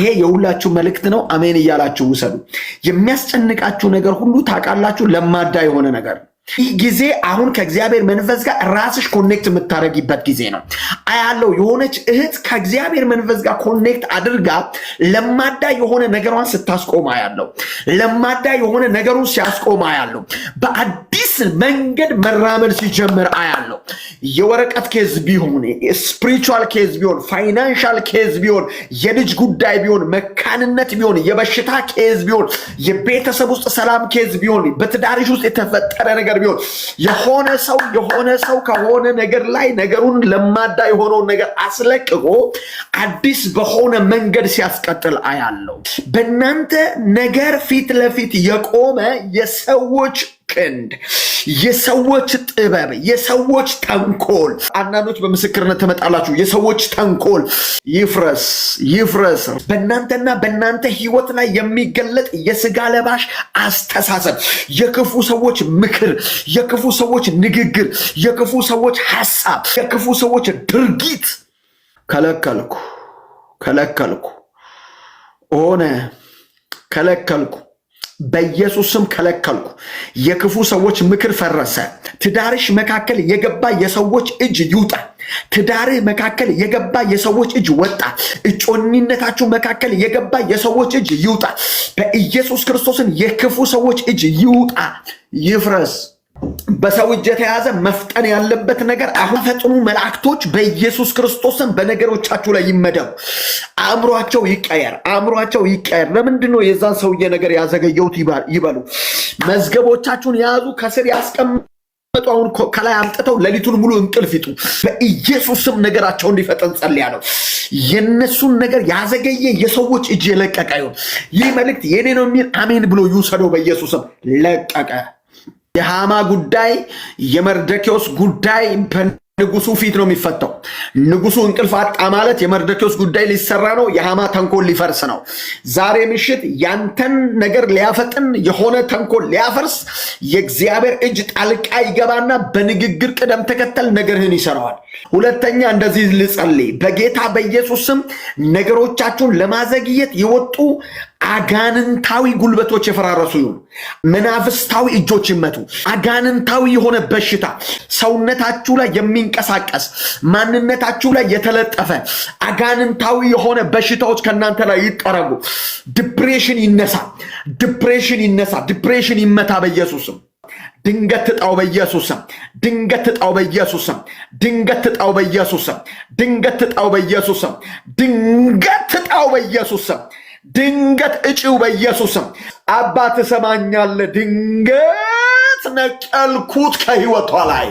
ይሄ የሁላችሁ መልእክት ነው። አሜን እያላችሁ ውሰዱ። የሚያስጨንቃችሁ ነገር ሁሉ ታውቃላችሁ፣ ለማዳ የሆነ ነገር ይህ ጊዜ አሁን ከእግዚአብሔር መንፈስ ጋር ራስሽ ኮኔክት የምታደረጊበት ጊዜ ነው። አያለው የሆነች እህት ከእግዚአብሔር መንፈስ ጋር ኮኔክት አድርጋ ለማዳ የሆነ ነገሯን ስታስቆማ ያለው ለማዳ የሆነ ነገሩን ሲያስቆማ ያለው በአዲስ መንገድ መራመድ ሲጀምር አያለው። የወረቀት ኬዝ ቢሆን፣ ስፒሪቹዋል ኬዝ ቢሆን፣ ፋይናንሻል ኬዝ ቢሆን፣ የልጅ ጉዳይ ቢሆን፣ መካንነት ቢሆን፣ የበሽታ ኬዝ ቢሆን፣ የቤተሰብ ውስጥ ሰላም ኬዝ ቢሆን፣ በትዳርሽ ውስጥ የተፈጠረ ነገር ነገር ቢሆን የሆነ ሰው የሆነ ሰው ከሆነ ነገር ላይ ነገሩን ለማዳ የሆነውን ነገር አስለቅቆ አዲስ በሆነ መንገድ ሲያስቀጥል አያለው። በእናንተ ነገር ፊት ለፊት የቆመ የሰዎች ክንድ፣ የሰዎች ጥበብ፣ የሰዎች ተንኮል። አንዳንዶች በምስክርነት ትመጣላችሁ። የሰዎች ተንኮል ይፍረስ ይፍረስ። በእናንተና በእናንተ ህይወት ላይ የሚገለጥ የስጋ ለባሽ አስተሳሰብ፣ የክፉ ሰዎች ምክር፣ የክፉ ሰዎች ንግግር፣ የክፉ ሰዎች ሀሳብ፣ የክፉ ሰዎች ድርጊት ከለከልኩ ከለከልኩ ሆነ ከለከልኩ በኢየሱስ ስም ከለከልኩ። የክፉ ሰዎች ምክር ፈረሰ። ትዳርሽ መካከል የገባ የሰዎች እጅ ይውጣ። ትዳርህ መካከል የገባ የሰዎች እጅ ወጣ። እጮኝነታችሁ መካከል የገባ የሰዎች እጅ ይውጣ። በኢየሱስ ክርስቶስን የክፉ ሰዎች እጅ ይውጣ፣ ይፍረስ። በሰው እጅ የተያዘ መፍጠን ያለበት ነገር አሁን ፈጥኑ። መላእክቶች በኢየሱስ ክርስቶስን በነገሮቻችሁ ላይ ይመደቡ። አእምሯቸው ይቀየር፣ አእምሯቸው ይቀየር። ለምንድን ነው የዛን ሰውዬ ነገር ያዘገየሁት ይበሉ። መዝገቦቻችሁን የያዙ ከስር ያስቀመጡ አሁን ከላይ አምጥተው ሌሊቱን ሙሉ እንቅልፍ ይጡ። በኢየሱስም ነገራቸው እንዲፈጠን ጸልያ ነው። የነሱን ነገር ያዘገየ የሰዎች እጅ የለቀቀ ይሁን። ይህ መልእክት የኔ ነው የሚል አሜን ብሎ ይውሰደው። በኢየሱስም ለቀቀ። የሃማ ጉዳይ የመርደኪዎስ ጉዳይ ንጉሱ ፊት ነው የሚፈታው። ንጉሱ እንቅልፍ አጣ ማለት የመርደኪዎስ ጉዳይ ሊሰራ ነው። የሃማ ተንኮል ሊፈርስ ነው። ዛሬ ምሽት ያንተን ነገር ሊያፈጥን የሆነ ተንኮል ሊያፈርስ የእግዚአብሔር እጅ ጣልቃ ይገባና በንግግር ቅደም ተከተል ነገርህን ይሰራዋል። ሁለተኛ እንደዚህ ልጸልይ፣ በጌታ በኢየሱስ ስም ነገሮቻችሁን ለማዘግየት የወጡ አጋንንታዊ ጉልበቶች የፈራረሱ ይሁኑ። መናፍስታዊ እጆች ይመቱ። አጋንንታዊ የሆነ በሽታ ሰውነታችሁ ላይ የሚንቀሳቀስ ማንነታችሁ ላይ የተለጠፈ አጋንንታዊ የሆነ በሽታዎች ከእናንተ ላይ ይጠረጉ። ዲፕሬሽን ይነሳ፣ ዲፕሬሽን ይነሳ፣ ዲፕሬሽን ይመታ በኢየሱስም ድንገት ትጣው በኢየሱስም ድንገት ትጣው በኢየሱስም ድንገት ትጣው በኢየሱስም ድንገት ትጣው በኢየሱስም ድንገት ትጣው በኢየሱስም ድንገት እጪው በኢየሱስም አባት ሰማኛለ ድንገት ነቀልኩት ከህይወቷ ላይ